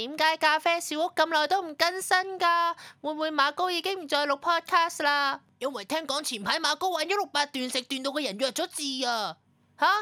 點解咖啡小屋咁耐都唔更新㗎？會唔會馬高已經唔再錄 podcast 啦？因為聽講前排馬高玩咗168斷食，斷到嘅人弱咗字啊！吓、啊，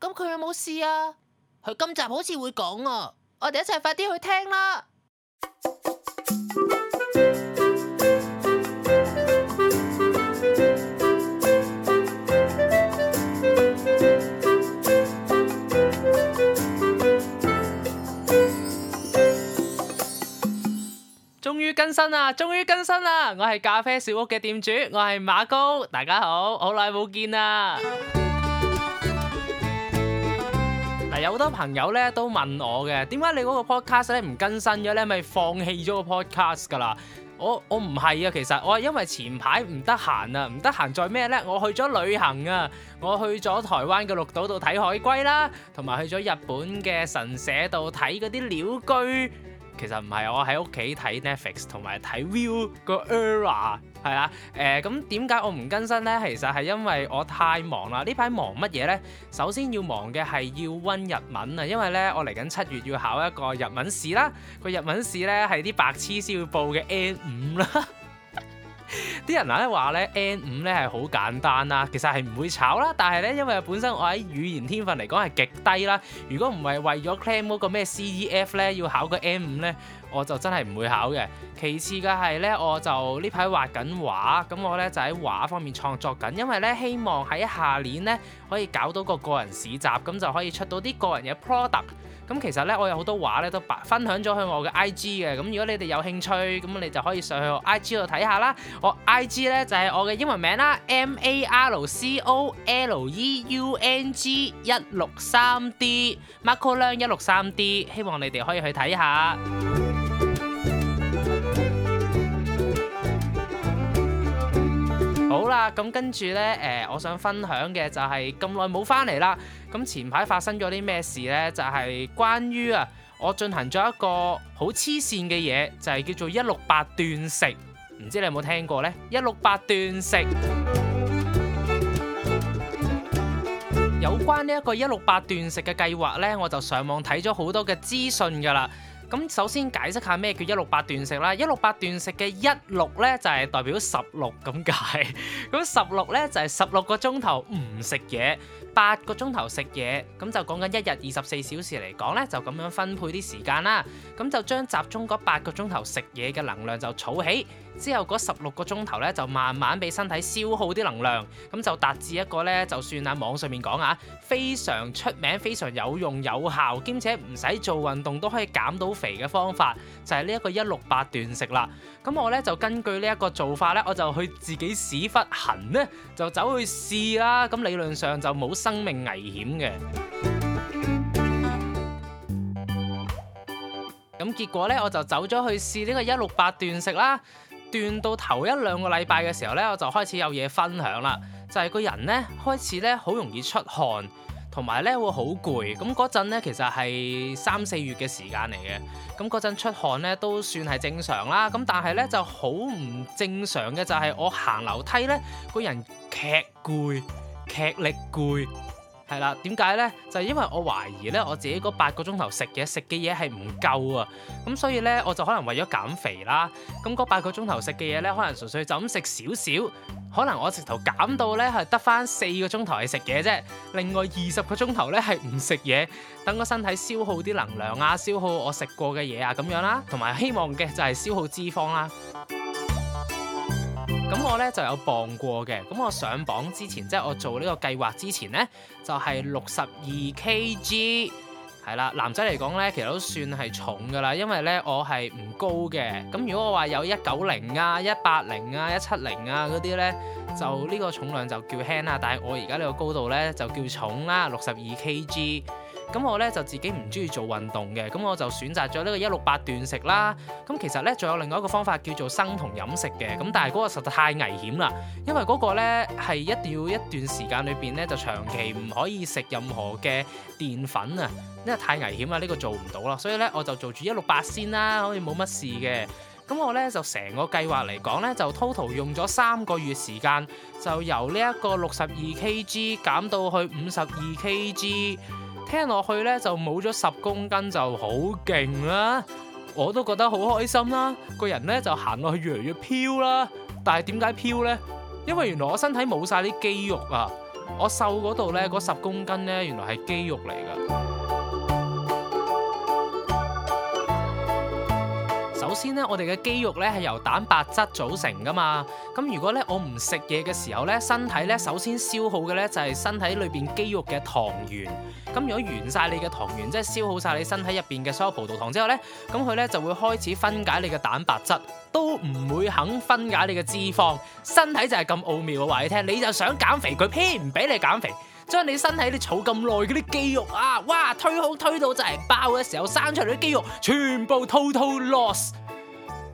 咁佢有冇事啊？佢今集好似會講啊，我哋一齊快啲去聽啦。啊！終於更新啦！我係咖啡小屋嘅店主，我係馬高，大家好，好耐冇見啦。嗱，有好多朋友咧都問我嘅，點解你嗰個 podcast 咧唔更新咗咧？咪放棄咗個 podcast 噶啦？我我唔係啊，其實我係因為前排唔得閒啊，唔得閒做咩咧？我去咗旅行啊，我去咗台灣嘅綠島度睇海龜啦，同埋去咗日本嘅神社度睇嗰啲鳥居。其實唔係，我喺屋企睇 Netflix 同埋睇 Viu 個 era 係啦，誒咁點解我唔更新咧？其實係因為我太忙啦。忙，呢排忙乜嘢咧？首先要忙嘅係要温日文啊，因為咧我嚟緊七月要考一個日文試啦。個日文試咧係啲白痴先會報嘅 N 五啦。 啲人咧話咧 N 五咧係好簡單啦，其實係唔會炒啦。但係咧，因為本身我喺語言天分嚟講係極低啦。如果唔係為咗 claim 嗰個咩 CEF 咧，要考個 N 五咧，我就真係唔會考嘅。其次嘅係咧，我就呢排畫緊畫，咁我咧就喺畫方面創作緊，因為咧希望喺下年咧可以搞到個個人市集，咁就可以出到啲個人嘅 product。咁其實咧，我有好多畫咧都分享咗去我嘅 IG 嘅。咁如果你哋有興趣，咁你就可以上去我 IG 度睇下啦。我 I G 咧就係我嘅英文名啦，M A R C O L E U N G 一六三 D，Marco Leung 一六三 D，希望你哋可以去睇下。好啦，咁跟住咧，誒，我想分享嘅就係咁耐冇返嚟啦。咁前排發生咗啲咩事咧？就係關於啊，我進行咗一個好黐線嘅嘢，就係叫做一六八斷食。唔知你有冇聽過呢？一六八斷食，有關呢一個一六八斷食嘅計劃呢，我就上網睇咗好多嘅資訊噶啦。咁首先解釋下咩叫一六八斷食啦。一六八斷食嘅一六呢，就係代表十六咁解，咁十六呢，就係十六個鐘頭唔食嘢，八個鐘頭食嘢。咁就講緊一日二十四小時嚟講呢，就咁樣分配啲時間啦。咁就將集中嗰八個鐘頭食嘢嘅能量就儲起。之後嗰十六個鐘頭咧，就慢慢俾身體消耗啲能量，咁就達至一個咧，就算喺網上面講啊，非常出名、非常有用、有效，兼且唔使做運動都可以減到肥嘅方法，就係呢一個一六八斷食啦。咁我咧就根據呢一個做法咧，我就去自己屎忽痕咧，就走去試啦。咁理論上就冇生命危險嘅。咁結果咧，我就走咗去試呢個一六八斷食啦。轉到頭一兩個禮拜嘅時候呢，我就開始有嘢分享啦。就係、是、個人呢，開始呢好容易出汗，同埋呢會好攰。咁嗰陣呢，其實係三四月嘅時間嚟嘅。咁嗰陣出汗呢，都算係正常啦。咁但係呢，就好唔正常嘅就係我行樓梯呢，個人劇攰，劇力攰。係啦，點解呢？就係因為我懷疑咧，我自己嗰八個鐘頭食嘢食嘅嘢係唔夠啊，咁所以呢，我就可能為咗減肥啦，咁嗰八個鐘頭食嘅嘢呢，可能純粹就咁食少少，可能我直頭減到呢，係得翻四個鐘頭係食嘢啫，另外二十個鐘頭呢係唔食嘢，等個身體消耗啲能量啊，消耗我食過嘅嘢啊咁樣啦、啊，同埋希望嘅就係消耗脂肪啦、啊。咁我咧就有磅過嘅，咁我上磅之前，即係我做呢個計劃之前呢，就係六十二 K G，係啦，男仔嚟講呢，其實都算係重噶啦，因為呢我係唔高嘅，咁如果我話有一九零啊、一八零啊、一七零啊嗰啲呢，就呢個重量就叫輕啦，但係我而家呢個高度呢，就叫重啦，六十二 K G。咁我咧就自己唔中意做運動嘅，咁我就選擇咗呢個一六八斷食啦。咁其實咧，仲有另外一個方法叫做生酮飲食嘅。咁但係嗰個實在太危險啦，因為嗰個咧係一定要一段時間裏邊咧就長期唔可以食任何嘅澱粉啊，因為太危險啦。呢個做唔到啦，所以咧我就做住一六八先啦，好似冇乜事嘅。咁我咧就成個計劃嚟講咧，就 total 用咗三個月時間，就由呢一個六十二 kg 減到去五十二 kg。聽落去咧就冇咗十公斤就好勁啦，我都覺得好開心啦，個人咧就行落去越嚟越飄啦。但係點解飄呢？因為原來我身體冇晒啲肌肉啊，我瘦嗰度咧嗰十公斤咧原來係肌肉嚟噶。首先咧，我哋嘅肌肉咧係由蛋白質組成噶嘛。咁如果咧我唔食嘢嘅時候咧，身體咧首先消耗嘅咧就係身體裏邊肌肉嘅糖原。咁如果完晒你嘅糖原，即係消耗晒你身體入邊嘅所有葡萄糖之後咧，咁佢咧就會開始分解你嘅蛋白質，都唔會肯分解你嘅脂肪。身體就係咁奧妙，我話你聽，你就想減肥，佢偏唔俾你減肥。將你身體你儲咁耐嗰啲肌肉啊，哇，推好推到就嚟爆嘅時候，生出嚟啲肌肉全部 total loss，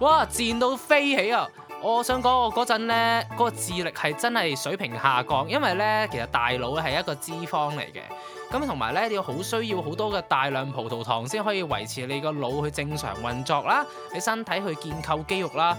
哇，賤到飛起啊！我想講我嗰陣咧，嗰、嗰個智力係真係水平下降，因為呢其實大腦係一個脂肪嚟嘅，咁同埋呢，你要好需要好多嘅大量葡萄糖先可以維持你個腦去正常運作啦，你身體去建構肌肉啦。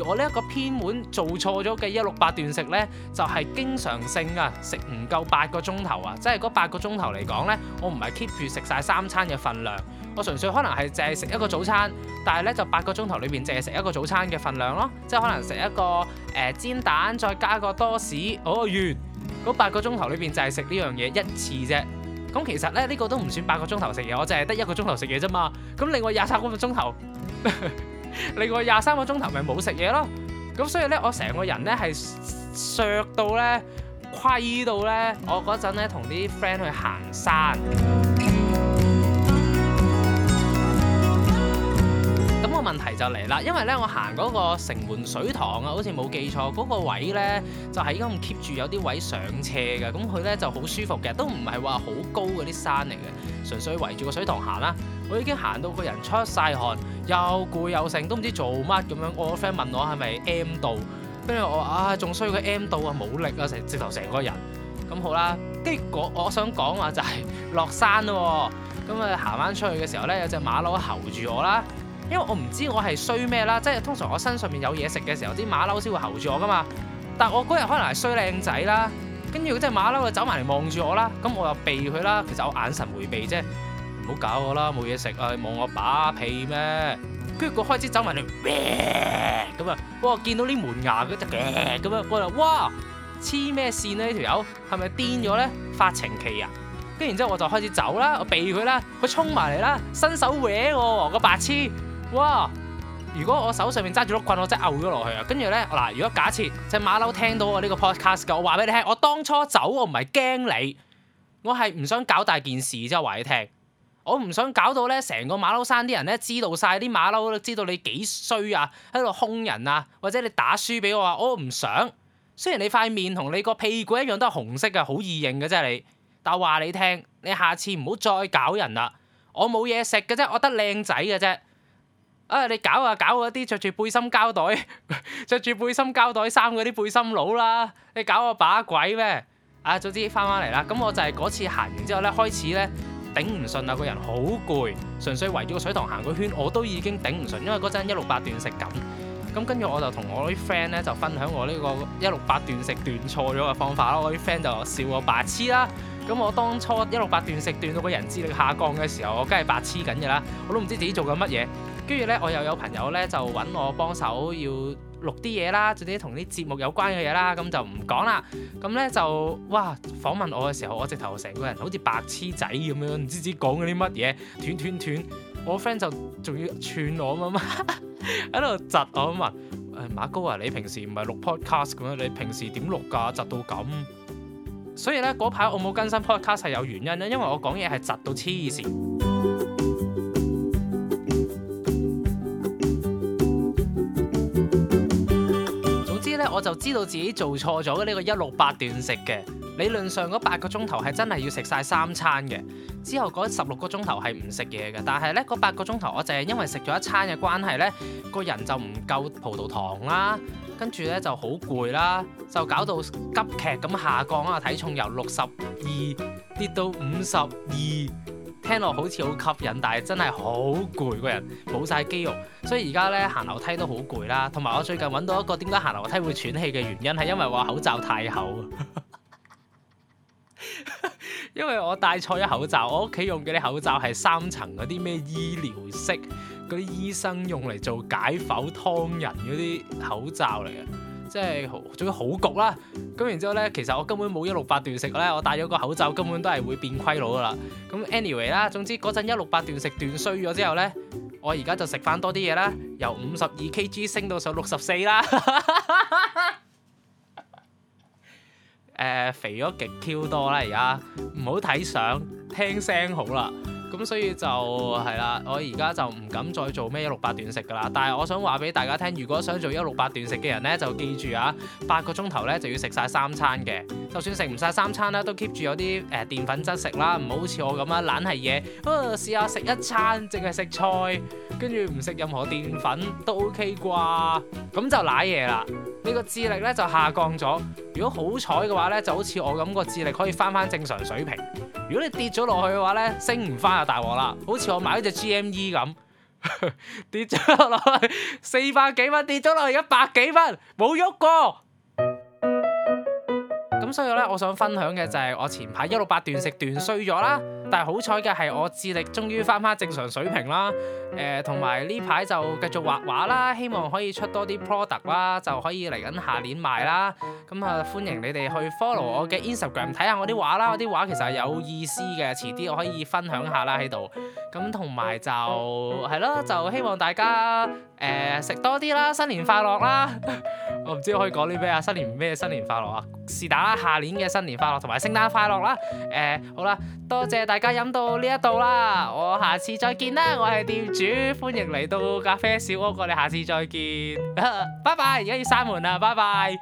而我呢一個偏門做錯咗嘅一六八斷食呢，就係、是、經常性啊食唔夠八個鐘頭啊！即係嗰八個鐘頭嚟講呢，我唔係 keep 住食晒三餐嘅份量，我純粹可能係淨係食一個早餐，但係呢，就八個鐘頭裏邊淨係食一個早餐嘅份量咯，即係可能食一個誒、呃、煎蛋再加個多士，哦完，嗰八個鐘頭裏邊就係食呢樣嘢一次啫。咁其實呢，呢、這個都唔算八個鐘頭食嘢，我淨係得一個鐘頭食嘢啫嘛。咁另外廿三個鐘頭。 另外廿三個鐘頭咪冇食嘢咯，咁所以呢，我成個人呢係削到呢，虧到呢。我嗰陣咧同啲 friend 去行山，咁 個問題就嚟啦，因為呢，我行嗰個城門水塘啊，好似冇記錯嗰、嗰個位呢就係咁 keep 住有啲位上斜嘅，咁佢呢就好舒服嘅，都唔係話好高嗰啲山嚟嘅。純粹圍住個水塘行啦，我已經行到個人出晒汗，又攰又剩，都唔知做乜咁樣。我個 friend 問我係咪 M 度？跟住我啊，仲衰佢 M 度啊，冇力啊，直頭成個人。咁好啦，跟住我我想講話就係、是、落山咯。咁啊行翻出去嘅時候咧，有隻馬騮候住我啦，因為我唔知我係衰咩啦，即係通常我身上面有嘢食嘅時候，啲馬騮先會候住我噶嘛。但我嗰日可能係衰靚仔啦。跟住嗰隻馬騮啊，走埋嚟望住我啦，咁我又避佢啦。其實我眼神迴避啫，唔好搞我啦，冇嘢食啊，望我把屁咩？跟住佢開始走埋嚟，咁啊，哇！見到啲門牙，佢就咁樣，我就哇黐咩線咧？這個、是是呢條友係咪癲咗咧？發情期啊！跟住然之後我就開始走啦，我避佢啦，佢衝埋嚟啦，伸手搲我個白痴，哇！如果我手上面揸住碌棍，我真係嘔咗落去啊！跟住咧，嗱，如果假設隻馬騮聽到我呢個 podcast 嘅，我話俾你聽，我當初走，我唔係驚你，我係唔想搞大件事，之後話你聽，我唔想搞到咧，成個馬騮山啲人咧知道晒，啲馬騮知道你幾衰啊，喺度兇人啊，或者你打輸俾我啊，我唔想。雖然你塊面同你個屁股一樣都係紅色嘅，好易認嘅啫你，但係話你聽，你下次唔好再搞人啦。我冇嘢食嘅啫，我得靚仔嘅啫。啊！你搞啊，搞嗰啲着住背心膠袋、着 住背心膠袋衫嗰啲背心佬啦。你搞我把鬼咩？啊，總之翻返嚟啦。咁我就係嗰次行完之後咧，開始咧頂唔順啦，個人好攰，純粹圍住個水塘行個圈，我都已經頂唔順，因為嗰陣一六八斷食咁。咁跟住我就同我啲 friend 咧就分享我呢個一六八斷食斷錯咗嘅方法咯。我啲 friend 就笑我白痴啦。咁我當初一六八斷食斷到個人智力下降嘅時候，我梗係白痴緊噶啦，我都唔知自己做緊乜嘢。跟住咧，我又有朋友咧就揾我幫手要錄啲嘢啦，做啲同啲節目有關嘅嘢啦，咁就唔講啦。咁咧就哇訪問我嘅時候，我直頭成個人好似白痴仔咁樣，唔知知講緊啲乜嘢，斷斷斷。我 friend 就仲要串我啊嘛，喺度窒我咁話：誒、哎、馬哥啊，你平時唔係錄 podcast 咁樣，你平時點錄㗎？窒到咁。所以咧嗰排我冇更新 podcast 係有原因咧，因為我講嘢係窒到黐線。咧，我就知道自己做錯咗嘅。呢個一六八斷食嘅，理論上嗰八個鐘頭係真係要食晒三餐嘅，之後嗰十六個鐘頭係唔食嘢嘅。但係呢，嗰八個鐘頭我淨係因為食咗一餐嘅關係，呢個人就唔夠葡萄糖啦、啊，跟住呢就好攰啦，就搞到急劇咁下降啊，體重由六十二跌到五十二。聽落好似好吸引，但係真係好攰，個人冇晒肌肉，所以呢而家咧行樓梯都好攰啦。同埋我最近搵到一個點解行樓梯會喘氣嘅原因，係因為我口罩太厚， 因為我戴錯咗口罩。我屋企用嗰啲口罩係三層嗰啲咩醫療式，嗰啲醫生用嚟做解剖劏人嗰啲口罩嚟嘅。即係總之好焗啦，咁然後之後呢，其實我根本冇一六八斷食咧，我戴咗個口罩根本都係會變虧佬噶啦。咁 anyway 啦，總之嗰陣一六八斷食斷衰咗之後呢，我而家就食翻多啲嘢啦，由五十二 kg 升到上六十四啦。誒、 呃，肥咗極 Q 多啦，而家唔好睇相，聽聲好啦。咁所以就係啦，我而家就唔敢再做咩一六八斷食㗎啦。但係我想話俾大家聽，如果想做一六八斷食嘅人呢，就記住啊，八個鐘頭呢就要食晒三餐嘅。就算食唔晒三餐啦，都 keep 住有啲誒、呃、澱粉質食啦，唔好好似我咁樣懶係嘢，試下食一餐淨係食菜，跟住唔食任何澱粉都 OK 啩。咁就瀨嘢啦，你個智力呢就下降咗。如果好彩嘅話呢，就好似我咁個智力可以返返正常水平。如果你跌咗落去嘅話咧，升唔返就大鑊啦。好似我買咗隻 GME 咁，跌咗落去四百幾蚊，跌咗落去一百幾蚊，冇喐過。咁 所以咧，我想分享嘅就係、是、我前排一六八斷食斷衰咗啦。但係好彩嘅係，我智力終於返返正常水平啦。誒、呃，同埋呢排就繼續畫畫啦，希望可以出多啲 product 啦，就可以嚟緊下年賣啦。咁啊，歡迎你哋去 follow 我嘅 Instagram 睇下我啲畫啦，我啲畫其實係有意思嘅，遲啲我可以分享下啦喺度。咁同埋就係咯，就希望大家誒食、呃、多啲啦，新年快樂啦！ 我唔知可以講啲咩啊！新年咩？新年快樂啊！是但啦，下年嘅新年快樂同埋聖誕快樂啦！誒，好啦，多謝大家飲到呢一度啦，我下次再見啦，我係店主，歡迎嚟到咖啡小屋，我哋下次再見，拜拜，而家要閂門啦，拜拜。